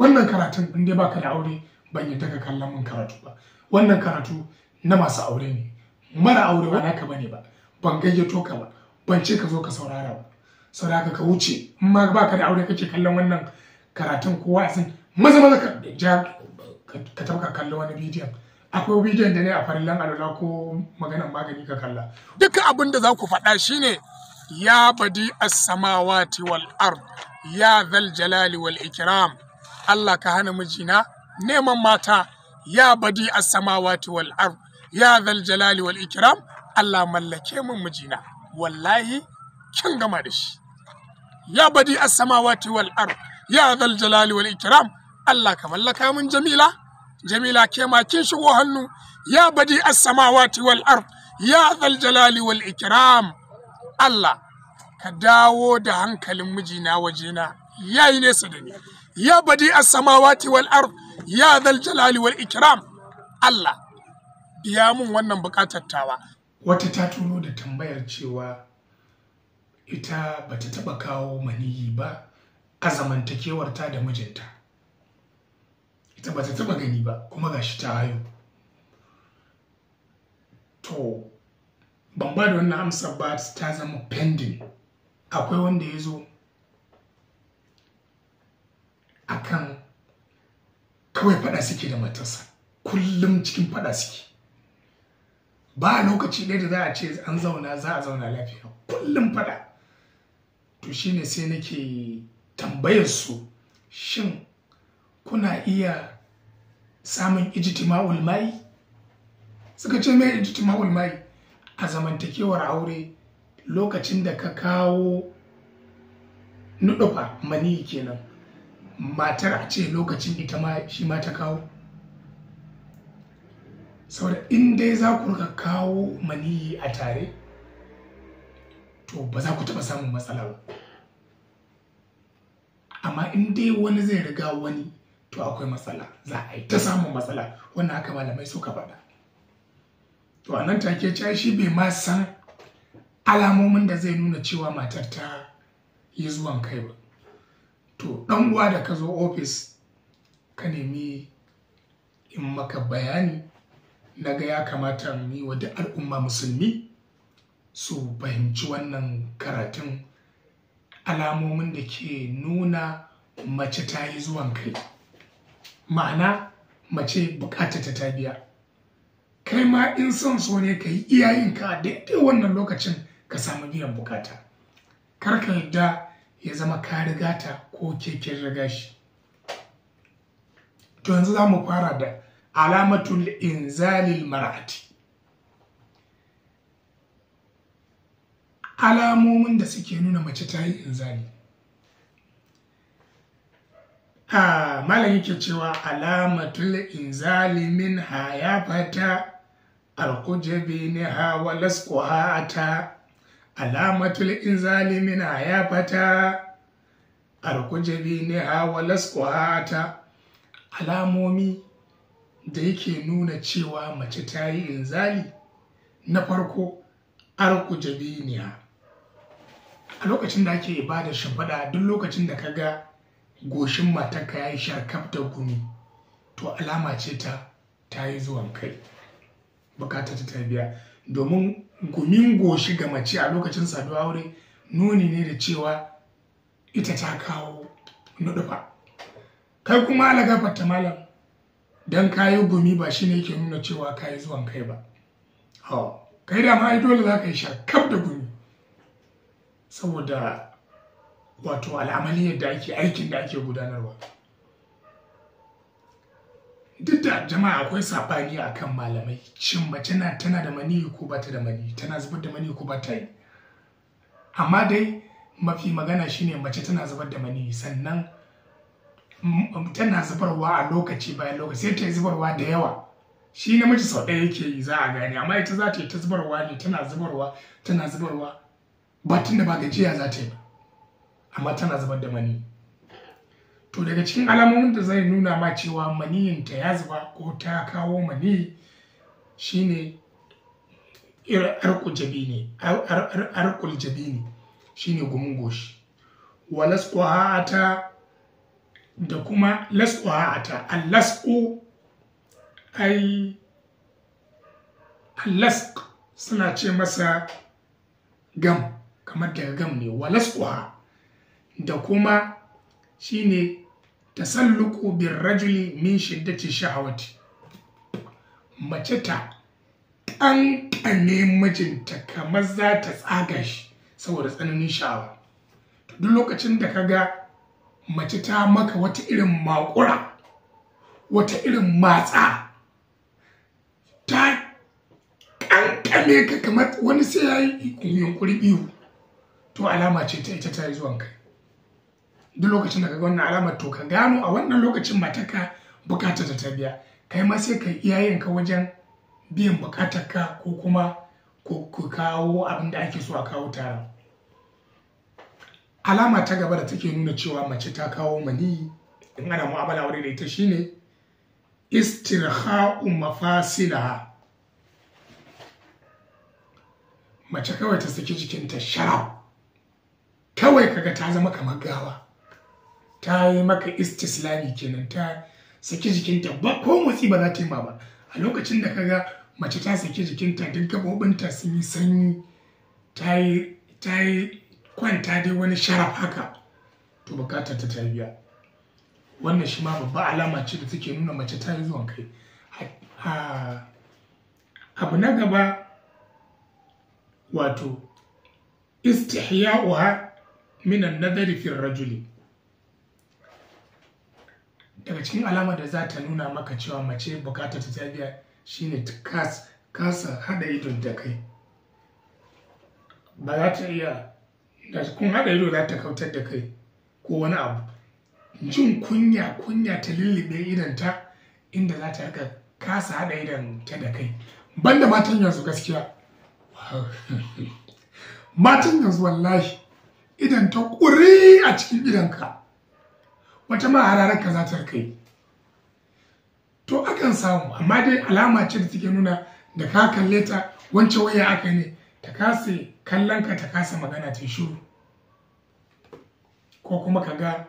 wannan karatun in dai baka da aure ban yi daga kallon min karatu ba wannan karatu na masu aure ne mara aure ba naka bane ba ban gayyato ka ba ban ce ka zo ka saurara ba saboda ka wuce in ma baka da aure kake kallon wannan karatun kowa a san maza maza ka ja ka tabka kallon wani bidiyon akwai bidiyon da ne a farillan alola ko maganan magani ka kalla dukkan abin da za ku faɗa shine ya badi as-samawati wal ard ya dhal jalali wal ikram Allah ka hana mijina neman mata ya badi as-samawati wal ard ya zal jalali wal ikram Allah mallake min mijina wallahi kin gama da shi ya badi as-samawati wal ard ya zal jalali wal ikram Allah ka mallaka min Jamila Jamila ke ma kin shigo hannu ya badi as-samawati wal ard ya zal jalali wal ikram Allah ka dawo da hankalin mijina wajena ya yi nesa da ni ya badi a samawati wal ar ya zal jalali wal ikiram Allah biya mun wannan bukatar tawa wata ta tuno da tambayar cewa ita bata taba kawo maniyi ba a zamantakewarta da mijinta ita bata taba gani ba kuma gashi ta hayo to ban ba da wannan amsar ba ta zama pending akwai wanda ya zo a kan kawai fada suke da matarsa kullum cikin fada suke ba a lokaci ɗaya da za a ce an zauna za a zauna lafiya kullum fada to shine sai nake tambayar su shin kuna iya samun ijtima'ul mai suka ce mai ijtima'ul mai a zamantakewar aure lokacin da ka kawo nuɗufa mani kenan matar a ce lokacin ita ma shi ma ta kawo saboda in dai za ku rika kawo maniyi a tare to ba za ku taɓa samun matsala ba amma in dai wani zai riga wani to akwai matsala za a yi ta samun matsala wannan haka malamai suka faɗa to a nan take cewa shi bai ma san alamomin da zai nuna cewa matar ta yi zuwan kai ba to ɗan uwa da ka zo ofis ka nemi in maka bayani na ga ya kamata ni wa duk al'umma musulmi su fahimci wannan karatun alamomin da ke nuna mace ta yi zuwan kai ma'ana mace bukata ta tabiya kai ma in son so ne ka yi iyayenka daidai wannan lokacin ka samu biyan bukata kar ka yadda ya zama ka riga ta ko keken riga shi to yanzu za mu fara da alamatul inzalil mar'ati alamomin da suke nuna mace ta yi inzali ah, malam yake cewa alamatul inzali min ha ya fata alkujabi ne ha wa laskuha ta alamatul inzali fata, hayafata arkujabi ne hawa lasqata alamomi da yake nuna cewa mace ta yi inzali na farko arkujabi ne a lokacin da ake ibada shimfiɗa duk lokacin da ka ga goshin matarka ya yi sharkaf da gumi to alama ce ta ta yi zuwan kai bukatar ta biya domin gumin goshi ga mace a lokacin saduwa aure nuni ne da cewa ita ta kawo nudufa kai kuma ala gafarta malam dan kayi gumi ba shine yake nuna cewa kayi zuwan kai ba kai da ma ai dole za ka yi shakaf da gumi saboda wato al'amaliyar da ake aikin da ake gudanarwa duk da jama'a akwai sabani akan malamai shin mace tana da maniyi ko ba ta da mani? tana zubar da maniyi ko ba ta yi amma dai mafi magana shine mace tana zubar da maniyi sannan tana zubarwa a lokaci bayan lokaci sai ta yi zubarwa da yawa shi namiji sau ɗaya yake yi za a gane amma ita za ta yi ta zubarwa ne tana zubarwa tana zubarwa batun da ba gajiya za ta yi amma tana zubar da mani to daga cikin alamomin da zai nuna ma cewa maniyinta ya zuba ko ta kawo mani shine arkul jabini arkul jabini shine gumin goshi wa da kuma lasqahata allasqu ai allasq suna ce masa gam kamar daga gam ne wa lasƙwa da kuma shine tasalluqu birrajuli min shiddati shahawati mace ta kankane mijinta kamar za ta tsaga shi saboda tsananin sha'awa duk lokacin da kaga mace ta maka wata irin makura wata irin matsa ta ƙanƙame ka kamar wani sai ya yi yunkuri biyu. to alama ce ta ita ta yi zuwan kai duk lokacin da ka wannan alamar to ka gano a wannan lokacin matarka bukatar ta biya kai ma sai ka iyayenka wajen biyan ka ko kuma ku kawo abin da ake so a kawo taron alama ta gaba da take nuna cewa mace ta kawo mani in ana mu'amala wurin da ita shine istirha'u mafasilaha mace kawai ta saki jikinta sharaf kawai kaga ta zama kamar gawa ta yi maka istislami kenan ta saki jikinta ba ko motsi ba za ta yi ma ba a lokacin da kaga mace ta saki jikinta duk gabobinta sun yi sanyi ta yi kwanta dai wani sharaf haka to bukatar ta tarbiya wannan shi ma babba alama ce da take nuna mace ta yi zuwan kai abu na gaba wato istihya'uha minan nadari fi rajuli daga cikin alamar da za ta nuna maka cewa mace bukatar ta tafiya shine kas kasa hada ido da kai ba za ta iya da kun hada ido za ta kautar da kai ko wani abu jin kunya kunya ta lullube idanta inda za ta rika kasa hada idan ta da kai banda matan yanzu gaskiya matan yanzu wallahi idan ta kuri a cikin idanka wata ma hararar ka za ta kai to akan samu amma dai alama ce da take nuna da ka kalle ta wancan waya aka ne ta kasa kallon ka ta kasa magana ta shiru ko kuma ka ga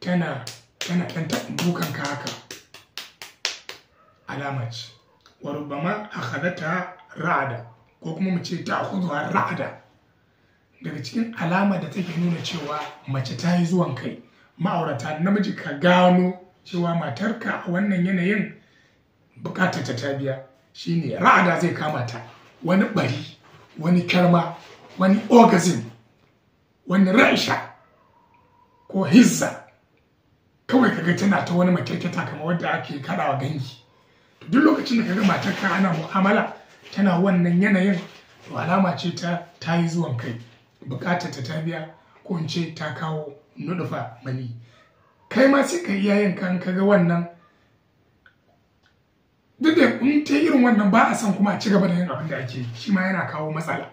tana tana ɗan dukan ka haka alama ce wa rubama akhadata ra'ada ko kuma mu ce ta ra'ada daga cikin alama da take nuna cewa mace ta yi zuwan kai ma'aurata namiji ka gano cewa matarka a wannan yanayin bukatar ta tabiya shine ra'ada zai kama ta wani bari wani karma wani orgasm wani ra'isha ko hizza kawai kaga tana ta wani makirkita kamar wadda ake karawa gangi duk lokacin da kaga matarka ana mu'amala tana wannan yanayin to alama ce ta tayi zuwan kai bukatar ta tabiya ko ta kawo nudufa mani kai ma sai ka iya yin kan kaga wannan duk da in ta irin wannan ba a san kuma a ci gaba da yin abin da ake shi ma yana kawo matsala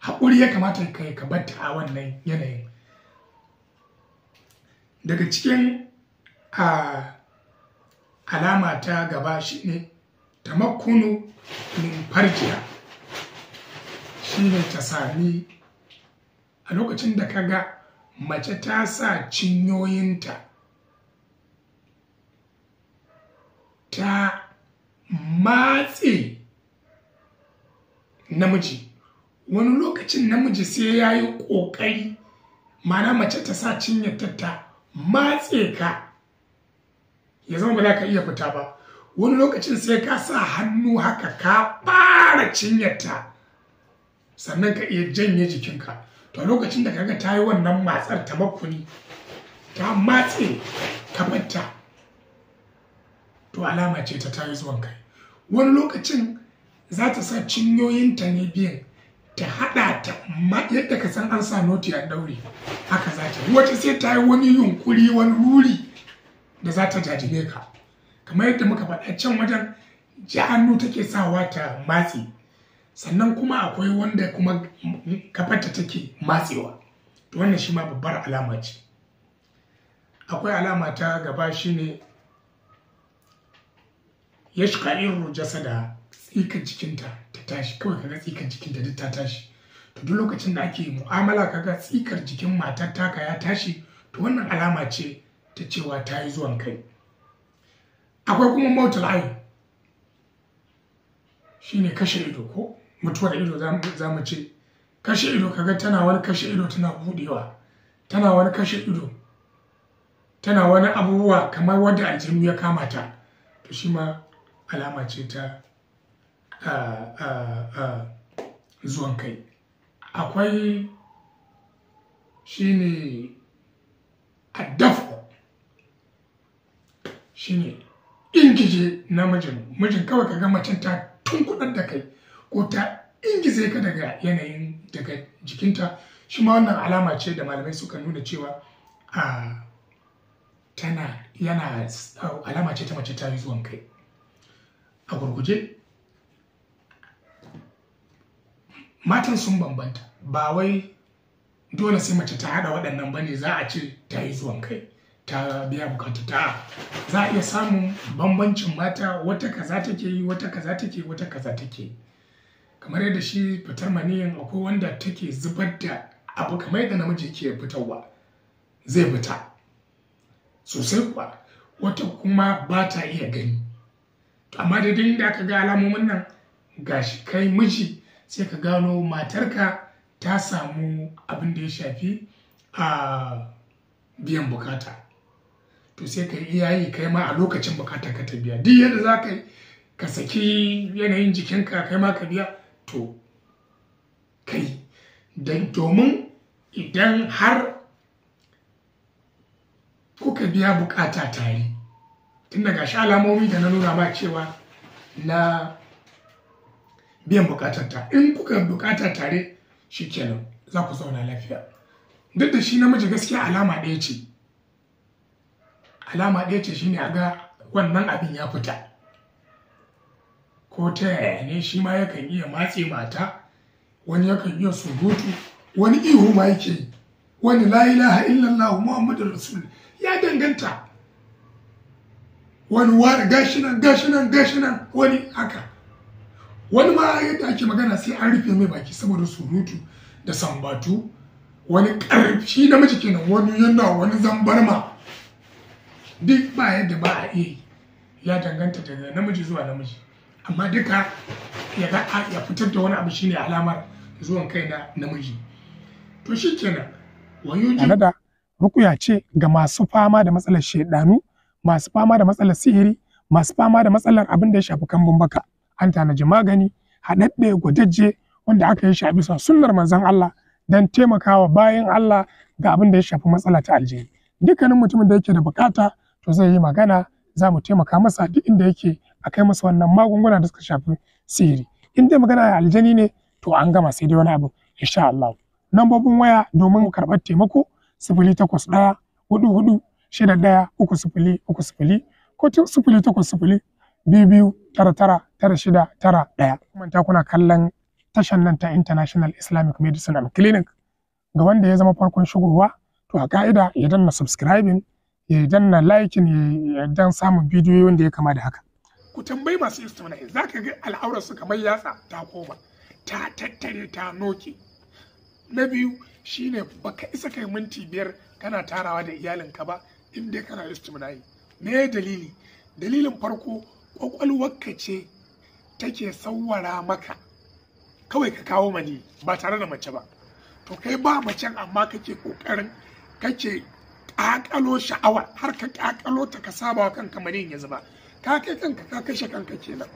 haƙuri ya kamata ka yi ka batta a wannan yanayin daga cikin alama ta gaba ne tamakkunu min farjiya shine ta sami a lokacin da ka ga mace ta sa cinyoyinta ta matse namiji wani lokacin namiji sai ya yi ƙoƙari mana mace ta sa cinyarta ta matse ka ya zama ba za ka iya fita ba wani lokacin sai ka sa hannu haka ka fara cinyarta sannan ka iya janye jikinka to lokacin da kaga ta yi wannan matsar ta makuni ta matse kafanta to alama ce ta tayi zuwan kai wani lokacin za ta sa ta ne biyan ta haɗa ta yadda ka san an sa noti a daure haka za ta wata sai ta yi wani yunkuri wani ruri da za ta jajime ka kamar yadda muka faɗa can wajen ji hannu take sawa ta matse sannan kuma akwai wanda kuma kafarta take matsewa to wannan shi ma babbar alama ce akwai alama ta gaba shi ne. ya shi ka'iru jasada tsikan jikinta ta tashi kawai kaga tsikan jikinta duk ta tashi to duk lokacin da ake mu'amala kaga tsikar jikin matar taka ya tashi to wannan alama ce ta cewa ta yi zuwan kai akwai kuma motar ayi Shi ne kashe ido ko mutuwar ido za mu ce kashe ido kaga tana wani kashe ido tana budewa tana wani kashe ido tana wani abubuwa kamar wadda aljinu ya kama ta to shi ma alama ce ta zuwan kai akwai shi ne shine shi ne ingije namijin mijin kawai kaga macen ta tun kudin da kai ko ta ingize ka daga yanayin daga jikinta shi ma wannan alama ce da malamai suka nuna cewa a tana yana alama ce ta mace ta yi zuwan kai a gurguje matan sun bambanta ba wai dole sai mace ta hada waɗannan bane za a ce ta yi zuwan kai ta biya bukatu ta za a iya samun bambancin mata wata kaza take yi wata kaza take wata kaza take yi kamar yadda shi fitar maniyin akwai wanda take zubar da abu kamar yadda namiji ke fitarwa zai fita sosai kuwa wata kuma ba ta iya gani amma da dai da aka ga alamomin nan gashi kai miji sai ka gano matarka ta samu abin da ya shafi a biyan bukata to sai ka iya yi kai ma a lokacin bukata ka ta biya duk yadda za ka yi ka saki yanayin jikinka kai ma ka biya to kai don domin idan har kuka biya bukata tare tun daga shi alamomi da na nuna ma cewa na biyan bukatar ta in kuka bukata tare shi kenan za ku zauna lafiya duk da shi namiji gaskiya alama ɗaya ce alama ɗaya ce shine a ga wannan abin ya fita ko ta yaya ne shi ma yakan iya matse mata wani yakan iya surutu wani ihu ma yake yi wani la ilaha illallah muhammadur rasul ya danganta wani wani gashi nan gashi nan gashi nan wani haka wani ma yadda ake magana sai an rufe mai baki saboda surutu da sambatu wani ƙarfi na miji kenan wani yana wani zambarma duk ba yadda ba a iya ya danganta daga namiji zuwa namiji amma duka ya ga ya fitar da wani abu shine alamar zuwan kai na namiji to shikenan wayo ji rukuya ce ga masu fama da matsalar shedanu masu fama da matsalar sihiri masu fama da matsalar abin da ya shafi kambun baka an tanaji magani haɗaɗɗe gwajajje wanda aka yi shi a bisa sunnar manzon Allah don taimakawa bayan Allah ga abin da ya shafi matsala ta aljini dukkanin mutumin da yake da bukata to zai yi magana za mu taimaka masa duk inda yake a kai masa wannan magunguna da suka shafi sihiri in dai magana aljani ne to an gama sai dai wani abu insha Allah lambobin waya domin karɓar taimako sifili takwas ɗaya hudu hudu shida ɗaya uku sifili uku sifili ko sifili takwas sifili biyu biyu tara tara tara shida tara ɗaya manta kuna kallon tashan nan ta international islamic medicine and clinic ga wanda ya zama farkon shigowa to a ka'ida ya danna subscribing ya danna liking ya dan samun bidiyo wanda ya kama da haka ku tambayi masu istimna'i za ka ga al'aurarsu kamar yatsa ta koma ta tattare ta noke na biyu shine baka isa kai minti biyar kana tarawa da iyalinka ba inda dai kana istimna'i me dalili dalilin farko kwakwalwarka ce take sauwara maka kawai ka kawo mani ba tare da mace ba to kai ba macen amma kake kokarin kake kakalo sha'awa, har ka kakalo ta ka saba wa kanka manin ya zuba ka kai kanka ka kashe kanka kenan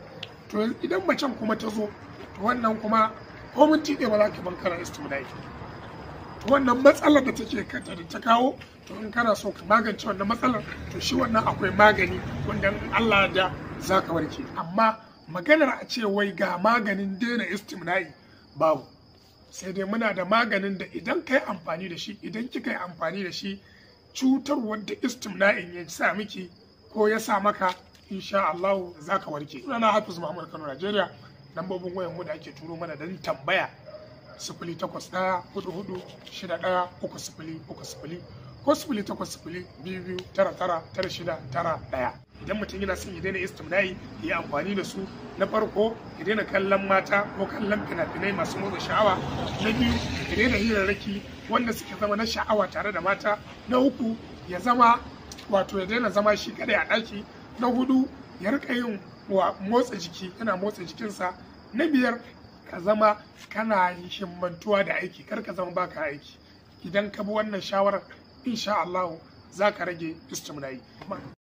to idan macen kuma ta zo to wannan kuma ko mun ɗaya ba za ka bankara istimna'i to wannan matsalar da take kanta da ta kawo to in kana so ka magance wannan matsalar to shi wannan akwai magani wanda Allah da za ka warke amma maganar a ce wai ga maganin daina istimna'i babu sai dai muna da maganin da idan kai amfani da shi idan kika yi amfani da shi cutar wanda istimna'in ya sa miki ko ya sa maka insha Allah za ka warke sunana Hafiz Muhammad Kano Najeriya lambobin wayan mu da ake turo mana don tambaya sifili takwas hudu hudu shida uku uku ko takwas biyu biyu tara tara tara shida tara idan mutum yana son ya daina istimna'i ya amfani da su na farko ya daina kallon mata ko kallon fina-finai masu motsa sha'awa na biyu ya daina hirarraki wanda suke zama na sha'awa tare da mata na uku ya zama wato ya daina zama shi kadai a ɗaki na hudu ya rika yin wa motsa jiki yana motsa jikinsa na biyar ka zama kana himmantuwa da aiki kar ka zama baka aiki idan ka bi wannan shawarar insha Allah za ka rage istimna'i